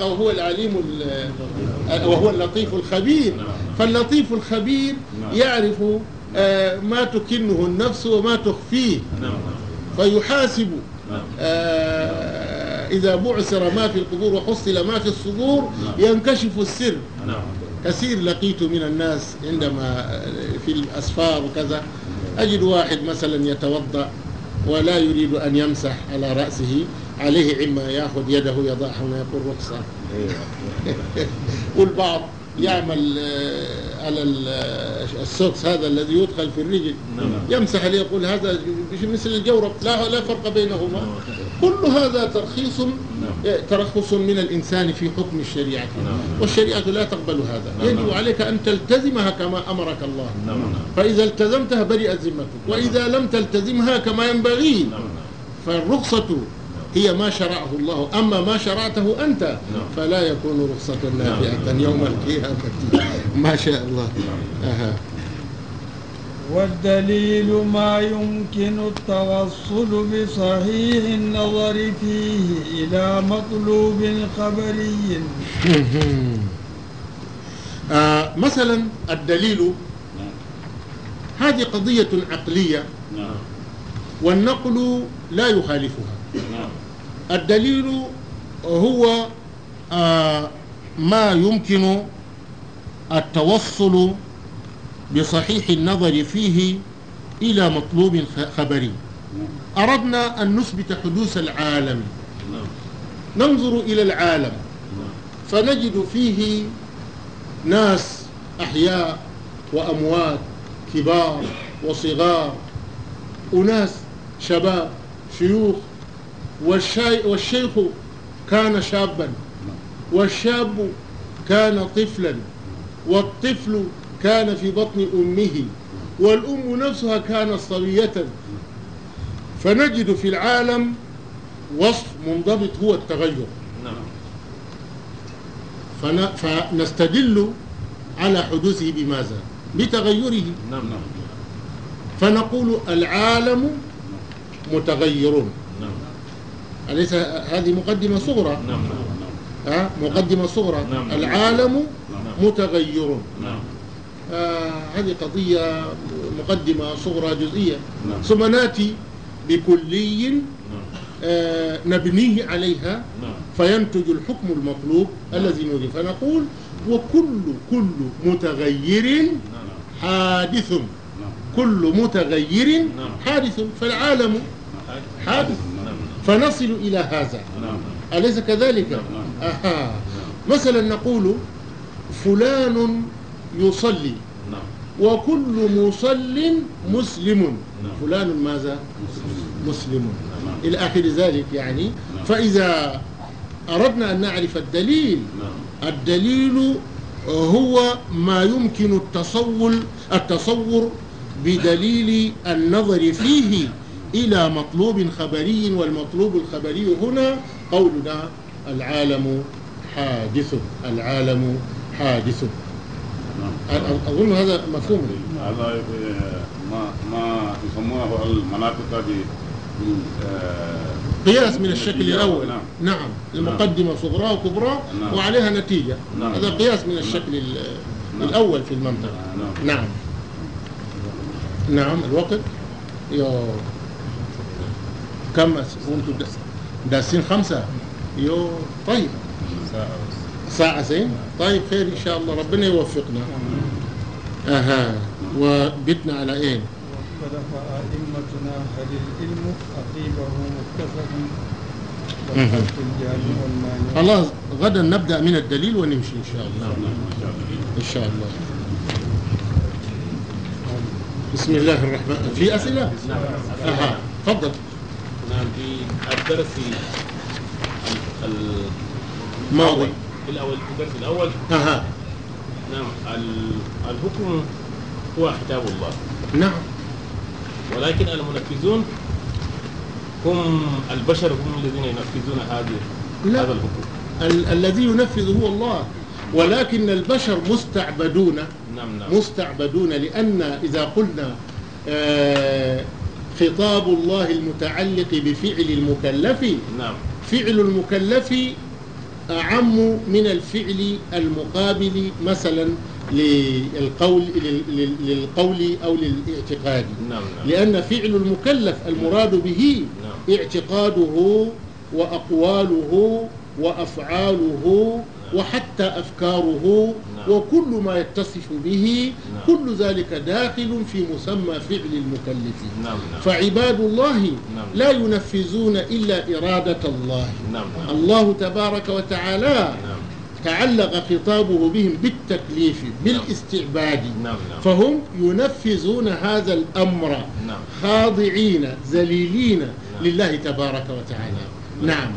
أو هو العليم وهو اللطيف الخبير فاللطيف الخبير نعم. يعرف آه، ما تكنه النفس وما تخفيه نعم. فيحاسب نعم. آه، إذا بعثر ما في القبور وحصل ما في الصدور ينكشف السر كثير لقيت من الناس عندما آه، في الأسفار وكذا أجد واحد مثلا يتوضأ ولا يريد أن يمسح على رأسه عليه عما يأخذ يده يضعها ويقول رخصة إيه. والبعض يعمل آه، على السوكس هذا الذي يدخل في الرجل نعم. يمسح عليه يقول هذا مثل الجورب لا لا فرق بينهما كل هذا ترخيص نعم. ترخص من الإنسان في حكم الشريعة نعم. والشريعة لا تقبل هذا يجب عليك أن تلتزمها كما أمرك الله فإذا التزمتها برئت ذمتك وإذا لم تلتزمها كما ينبغي فالرخصة هي ما شرعه الله أما ما شرعته أنت نعم. فلا يكون رخصة نافعة نعم. يوم القيامة ما شاء الله نعم. أها. والدليل ما يمكن التوصل بصحيح النظر فيه إلى مطلوب خبري آه مثلا الدليل هذه قضية عقلية والنقل لا يخالفها الدليل هو آه، ما يمكن التوصل بصحيح النظر فيه إلى مطلوب خبري أردنا أن نثبت حدوث العالم ننظر إلى العالم فنجد فيه ناس أحياء وأموات كبار وصغار أناس شباب شيوخ والشاي والشيخ كان شابا والشاب كان طفلا والطفل كان في بطن أمه والأم نفسها كانت صبية فنجد في العالم وصف منضبط هو التغير نعم. فنستدل على حدوثه بماذا بتغيره نعم، نعم. فنقول العالم متغير أليس هذه مقدمة صغرى نعم نعم مقدمة صغرى نعم. نعم. العالم نعم. متغير نعم. آه هذه قضية مقدمة صغرى جزئية نعم. ثم ناتي بكلي نعم. آه نبنيه عليها نعم. فينتج الحكم المطلوب نعم. الذي نريد فنقول وكل كل متغير نعم. حادث نعم. كل متغير حادث فالعالم حادث فنصل إلى هذا أليس كذلك؟ نعم. أها مثلا نقول فلان يصلي نعم. وكل مصل مسلم نعم. فلان ماذا؟ مسلم إلى آخر ذلك يعني فإذا أردنا أن نعرف الدليل الدليل هو ما يمكن التصور التصور بدليل النظر فيه إلى مطلوب خبري والمطلوب الخبري هنا قولنا العالم حادث العالم حادث نعم. أظن هذا مفهوم هذا آه، ما ما يسمونه المناطق آه، قياس من الشكل الأول نعم. نعم. نعم, المقدمة صغرى وكبرى وعليها نتيجة هذا قياس من الشكل الأول في المنطقة نعم نعم, نعم. الوقت يا كم وانتم داسين خمسة يو طيب ساعه زين طيب خير ان شاء الله ربنا يوفقنا اها وبتنا على ايه واختلف ائمتنا هل العلم اطيبه مكتسب خلاص غدا نبدا من الدليل ونمشي ان شاء الله ان شاء الله بسم الله الرحمن في اسئله؟ اها تفضل نعم في الدرس الماضي الأول الدرس الأول أها. نعم الحكم هو كتاب الله نعم ولكن المنفذون هم البشر هم الذين ينفذون هذه لا. هذا الحكم ال الذي ينفذ هو الله ولكن البشر مستعبدون نعم نعم. مستعبدون لأن إذا قلنا آه خطاب الله المتعلق بفعل المكلف نعم فعل المكلف أعم من الفعل المقابل مثلا للقول للقول أو للاعتقاد نعم نعم لأن فعل المكلف المراد به نعم اعتقاده وأقواله وأفعاله وحتى أفكاره نعم. وكل ما يتصف به نعم. كل ذلك داخل في مسمى فعل المكلف نعم، فعباد الله لا ينفذون إلا إرادة الله الله تبارك وتعالى تعلق خطابه بهم بالتكليف بالاستعباد فهم ينفذون هذا الأمر خاضعين ذليلين لله تبارك وتعالى نعم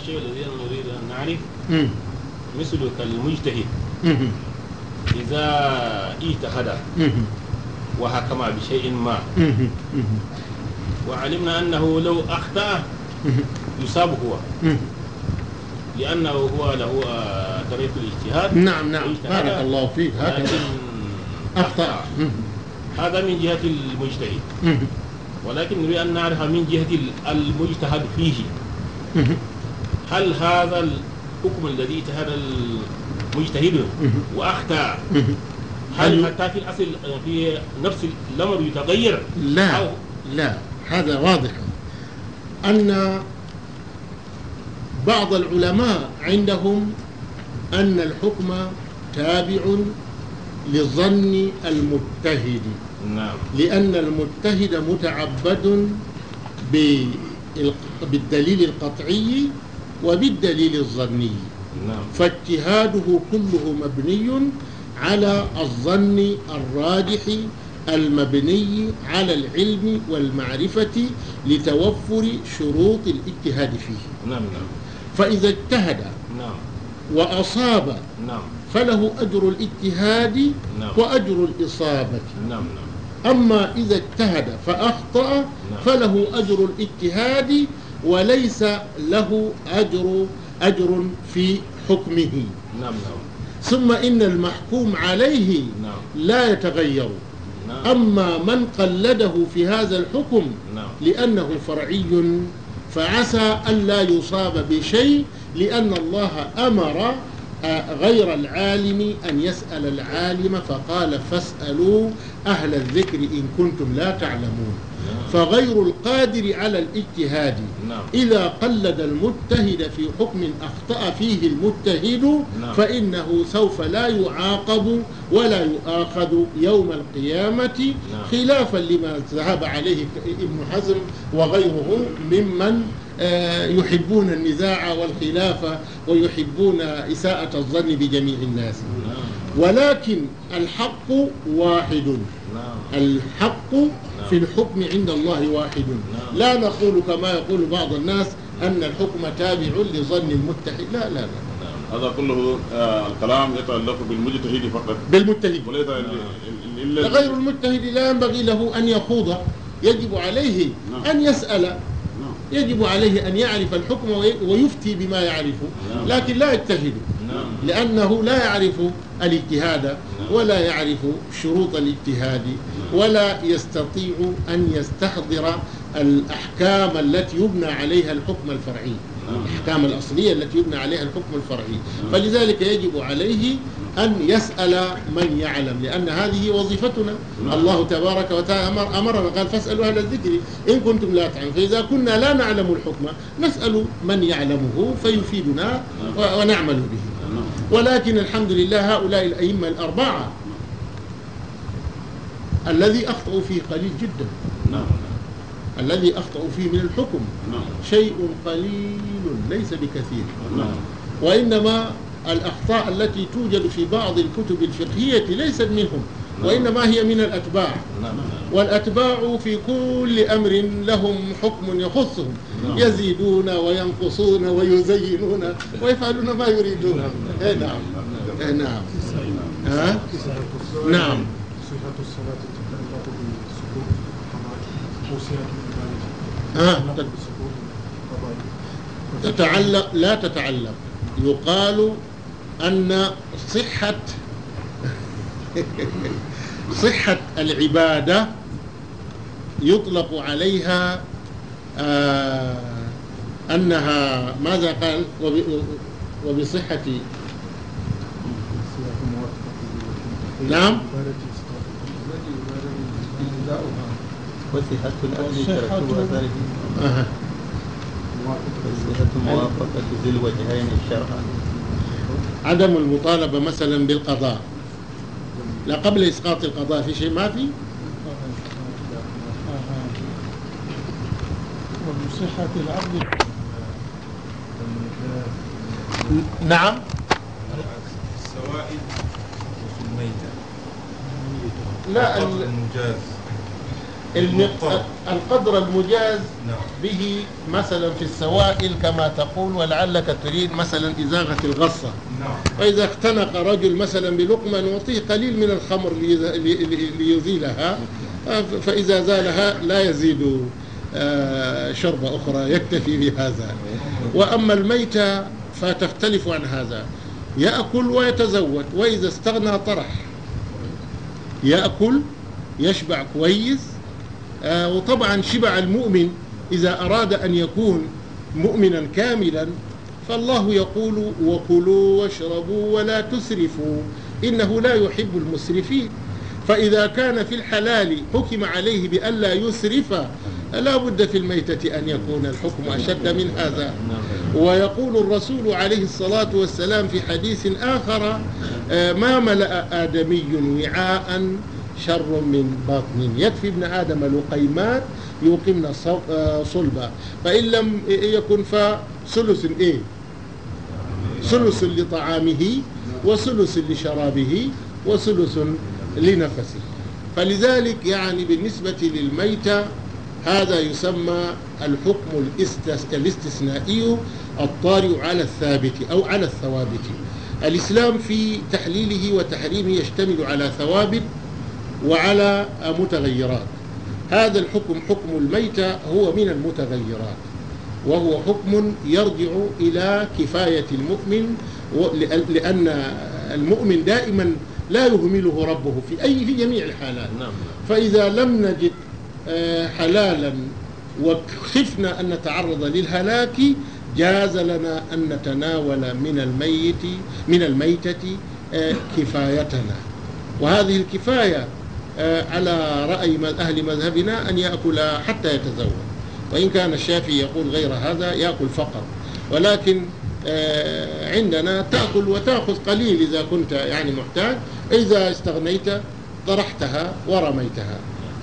الشيء الذي نريد أن نعرف مثلك المجتهد إذا اجتهد وحكم بشيء ما وعلمنا أنه لو أخطأ يصاب هو لأنه هو له آه، طريق الاجتهاد نعم نعم بارك الله فيك هكذا أخطأ هذا من جهة المجتهد ولكن نريد أن نعرف من جهة المجتهد فيه هل هذا حكم الذي اجتهد المجتهد واخطا هل حتى في الاصل في نفس الامر يتغير؟ لا أو لا هذا واضح ان بعض العلماء عندهم ان الحكم تابع لظن المجتهد نعم لأن المجتهد متعبد بالدليل القطعي وبالدليل الظني نعم. فاجتهاده كله مبني على الظن الراجح المبني على العلم والمعرفة لتوفر شروط الاجتهاد فيه نعم نعم فإذا اجتهد نعم وأصاب نعم فله أجر الاجتهاد نعم وأجر الإصابة نعم نعم أما إذا اجتهد فأخطأ نعم فله أجر الاجتهاد وليس له أجر أجر في حكمه نعم نعم ثم إن المحكوم عليه نعم لا يتغير نعم أما من قلده في هذا الحكم نعم لأنه فرعي فعسى ألا يصاب بشيء لأن الله أمر غير العالم أن يسأل العالم فقال فاسألوا أهل الذكر إن كنتم لا تعلمون نعم. فغير القادر على الاجتهاد نعم. إذا قلد المجتهد في حكم أخطأ فيه المجتهد نعم. فإنه سوف لا يعاقب ولا يؤاخذ يوم القيامة خلافا لما ذهب عليه ابن حزم وغيره ممن آه، يحبون النزاع والخلاف ويحبون إساءة الظن بجميع الناس نعم. ولكن الحق واحد نعم. الحق نعم. في الحكم عند الله واحد لا نقول كما يقول بعض الناس أن الحكم تابع لظن المتحد لا لا لا هذا كله آه، الكلام يتعلق بالمجتهد فقط بالمجتهد غير المجتهد لا ينبغي له أن يخوض يجب عليه أن يسأل يجب عليه أن يعرف الحكم ويفتي بما يعرفه نعم. لكن لا يجتهد نعم. لأنه لا يعرف الاجتهاد نعم. ولا يعرف شروط الاجتهاد ولا يستطيع أن يستحضر الأحكام التي يبنى عليها الحكم الفرعي الأحكام الأصلية التي يبنى عليها الحكم الفرعي فلذلك يجب عليه أن يسأل من يعلم لأن هذه وظيفتنا الله تبارك وتعالى أمر أمرنا قال فاسألوا أهل الذكر إن كنتم لا تعلمون فإذا كنا لا نعلم الحكم نسأل من يعلمه فيفيدنا ونعمل به ولكن الحمد لله هؤلاء الأئمة الأربعة الذي اخطا فيه قليل جدا الذي أخطأوا فيه من الحكم نعم. شيء قليل ليس بكثير نعم. وإنما الأخطاء التي توجد في بعض الكتب الفقهية ليست منهم نعم. وإنما هي من الأتباع والأتباع في كل أمر لهم حكم يخصهم يزيدون وينقصون ويزينون ويفعلون ما يريدون اي نعم اي إيه، نعم ها؟ نعم صفة الصلاة تتعلق بالسكوت والحرائق تتعلق لا تتعلق يقال أن صحة صحة العبادة يطلق عليها آه، أنها ماذا قال وبصحة نعم وصحة الأمر ترك أثره وصحة موافقة ذي الوجهين شرعا عدم المطالبة مثلا بالقضاء لا قبل إسقاط القضاء في شيء ما في وصحة العبد نعم السوائل والميتة لا المجاز القدر المجاز نعم. به مثلا في السوائل كما تقول ولعلك تريد مثلا إزاغة الغصة نعم. وإذا اختنق رجل مثلا بلقمة نعطيه قليل من الخمر ليزيلها فإذا زالها لا يزيد آه، شربة أخرى يكتفي بهذا وأما الميتة فتختلف عن هذا يأكل ويتزود وإذا استغنى طرح يأكل يشبع كويس آه، وطبعا شبع المؤمن إذا أراد أن يكون مؤمنا كاملا فالله يقول وكلوا واشربوا ولا تسرفوا إنه لا يحب المسرفين فإذا كان في الحلال حكم عليه بأن لا يسرف لا بد في الميتة أن يكون الحكم أشد من هذا ويقول الرسول عليه الصلاة والسلام في حديث آخر آه، ما ملأ آدمي وعاء شر من باطن يكفي ابن آدم لقيمات يوقمن آه، صلبا فإن لم يكن فثلث إيه ثلث لطعامه وثلث لشرابه وثلث لنفسه فلذلك يعني بالنسبة للميتة هذا يسمى الحكم الاستثنائي الطارئ على الثابت أو على الثوابت الإسلام في تحليله وتحريمه يشتمل على ثوابت وعلى متغيرات هذا الحكم حكم الميتة هو من المتغيرات وهو حكم يرجع إلى كفاية المؤمن لأن المؤمن دائما لا يهمله ربه في أي في جميع الحالات نعم. فإذا لم نجد آه، حلالا وخفنا أن نتعرض للهلاك جاز لنا أن نتناول من الميت من الميتة آه، كفايتنا وهذه الكفاية آه، على رأي أهل مذهبنا أن يأكل حتى يتزوج وإن كان الشافعي يقول غير هذا يأكل فقط ولكن آه، عندنا تأكل وتأخذ قليل إذا كنت يعني محتاج إذا استغنيت طرحتها ورميتها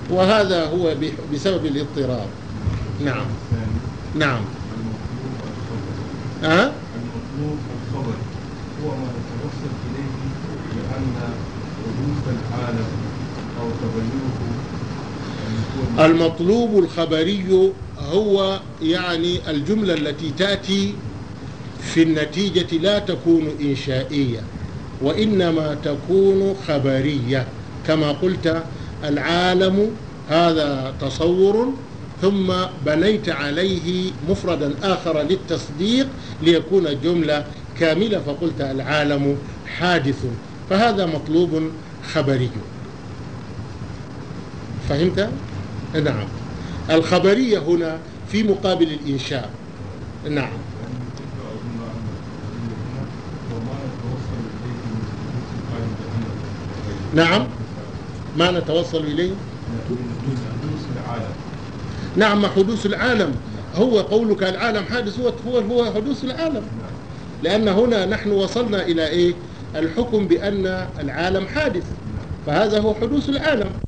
وهذا هو بسبب الاضطرار نعم نعم أه؟ المطلوب الخبر هو ما يتوصل إليه لأن وجود العالم أو تبينه المطلوب الخبري هو يعني الجملة التي تأتي في النتيجة لا تكون إنشائية وإنما تكون خبرية كما قلت العالم هذا تصور ثم بنيت عليه مفردا آخر للتصديق ليكون جملة كاملة فقلت العالم حادث فهذا مطلوب خبري فهمت؟ إيه، نعم الخبرية هنا في مقابل الإنشاء نعم نعم ما نتوصل إليه نعم ما حدوث العالم هو قولك العالم حادث هو هو هو حدوث العالم لأن هنا نحن وصلنا إلى إيه الحكم بأن العالم حادث فهذا هو حدوث العالم